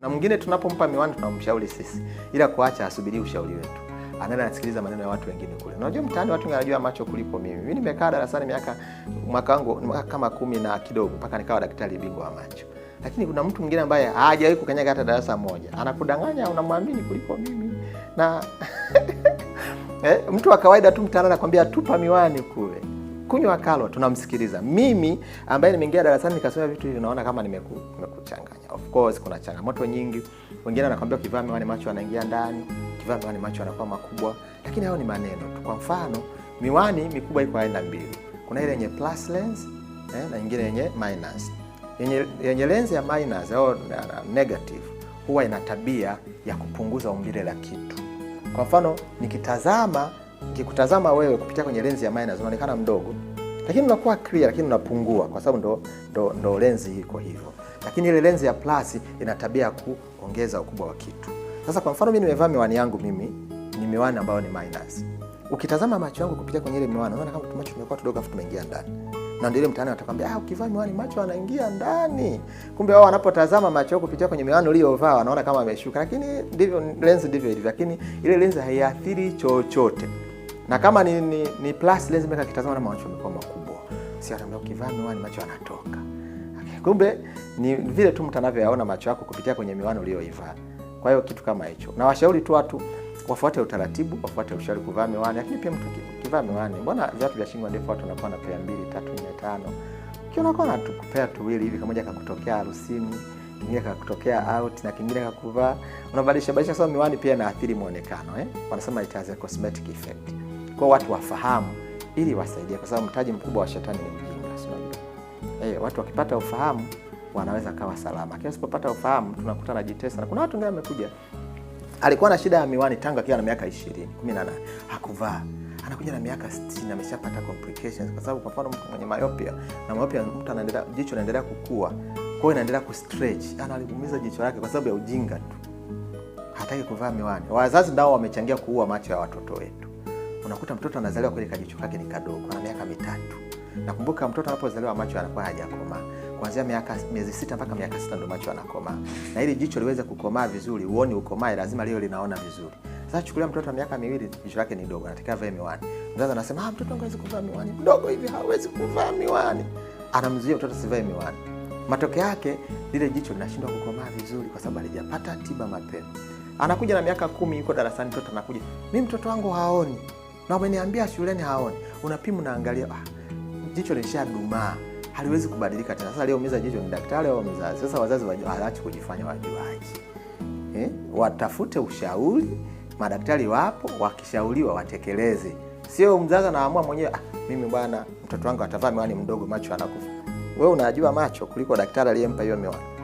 Na mwingine tunapompa miwani tunamshauri sisi, ila kuacha asubirii ushauri wetu, anaenda anasikiliza maneno ya watu wengine kule. Unajua mtaani watu wanajua macho kuliko mimi. mi nimekaa darasani miaka mwaka wangu mwaka kama kumi na kidogo mpaka nikawa daktari bingwa wa macho, lakini kuna mtu mwingine ambaye hajawahi kukanyaga hata darasa moja, anakudanganya, unamwamini kuliko mimi na eh, mtu wa kawaida tu mtaani anakwambia tupa miwani kule kunywa kalwa tunamsikiliza. Mimi ambaye nimeingia darasani nikasoma vitu hivi, naona kama nimekuchanganya. Of course kuna changamoto nyingi. Wengine wanakwambia ukivaa miwani macho anaingia ndani, ukivaa miwani macho anakuwa makubwa, lakini hayo ni maneno tu. Kwa mfano, miwani mikubwa iko aina mbili, kuna ile yenye plus lens eh, na nyingine yenye minus. Yenye, yenye lens ya minus au negative huwa ina tabia ya kupunguza umbile la kitu. Kwa mfano nikitazama kikutazama wewe kupitia kwenye lenzi ya minus unaonekana mdogo, lakini unakuwa clear, lakini unapungua kwa sababu ndo, ndo, ndo lenzi iko hivyo, lakini ile lenzi ya plus ina tabia ya kuongeza ukubwa wa kitu. Sasa kwa mfano mimi nimevaa miwani yangu mimi ni miwani ambayo ni minus. Ukitazama macho yangu kupitia kwenye ile miwani unaona kama macho tumekuwa tudogo afu tumeingia ndani na ndio ile mtaani atakwambia ah, ukivaa miwani macho anaingia ndani. Kumbe wao wanapotazama macho yako kupitia kwenye miwani uliyovaa wanaona kama ameshuka, lakini ndivyo lenzi ndivyo ilivyo, lakini ile lenzi haiathiri chochote na kama ni, ni, ni plus lens maker kitazama na macho yamekuwa makubwa, si anaambia ukivaa miwani macho anatoka Okay, kumbe ni vile tu mtu anavyoyaona macho yako kupitia kwenye miwani uliyoivaa. Kwa hiyo kitu kama hicho, na washauri tu watu wafuate utaratibu, wafuate ushauri kuvaa miwani, lakini pia mtu kivaa miwani, mbona viatu vya shingo ndefu watu wanakuwa na pair mbili tatu nne tano, kionakuwa na tupea tuwili hivi, kimoja kakutokea harusini kingine kakutokea out na kingine kakuvaa, unabadilisha badilisha. Sasa miwani pia inaathiri muonekano eh? Wanasema it has a cosmetic effect kwa watu wafahamu, ili wasaidie, kwa sababu mtaji mkubwa wa shetani ni mjinga, sio eh. Watu wakipata ufahamu wanaweza kawa salama, lakini usipopata ufahamu tunakuta anajitesa. Na kuna watu wengine wamekuja, alikuwa na shida ya miwani tangu akiwa na miaka 20 18 hakuvaa anakuja na miaka 60 ameshapata complications, kwa sababu kwa mfano mtu mwenye myopia na myopia, mtu anaendelea jicho linaendelea kukua, kwa hiyo inaendelea kustretch, analiumiza yaani jicho lake kwa sababu ya ujinga tu, hataki kuvaa miwani. Wazazi nao wamechangia kuua macho ya watoto wetu unakuta mtoto anazaliwa kile kajicho kake ni kadogo, ana miaka mitatu. Nakumbuka mtoto anapozaliwa macho anakuwa hajakoma kuanzia miaka miezi sita mpaka miaka sita ndo macho anakoma na ili jicho liweze kukomaa vizuri, uoni ukomae, lazima lio linaona vizuri. Sasa chukulia mtoto wa miaka miwili, jicho lake ni dogo, anatakiwa vae miwani. Mzazi anasema ah, mtoto hawezi kuvaa miwani, mdogo hivi hawezi kuvaa miwani, anamzuia mtoto asivae miwani. Matokeo yake lile jicho linashindwa kukomaa vizuri kwa sababu alijapata tiba mapema. Anakuja na miaka kumi, yuko darasani, mtoto anakuja, mi mtoto wangu haoni na umeniambia shuleni haoni, unapima unaangalia, ah, jicho lishadumaa haliwezi kubadilika tena. Sasa aliyeumiza jicho ni daktari au mzazi? Sasa wazazi waache ah, kujifanya wajuaji eh, watafute ushauri, madaktari wapo, wakishauriwa watekeleze, sio mzazi anaamua mwenyewe, ah, mimi bwana mtoto wangu atavaa miwani mdogo, macho anakufa. Wewe unajua macho kuliko daktari aliyempa hiyo miwani.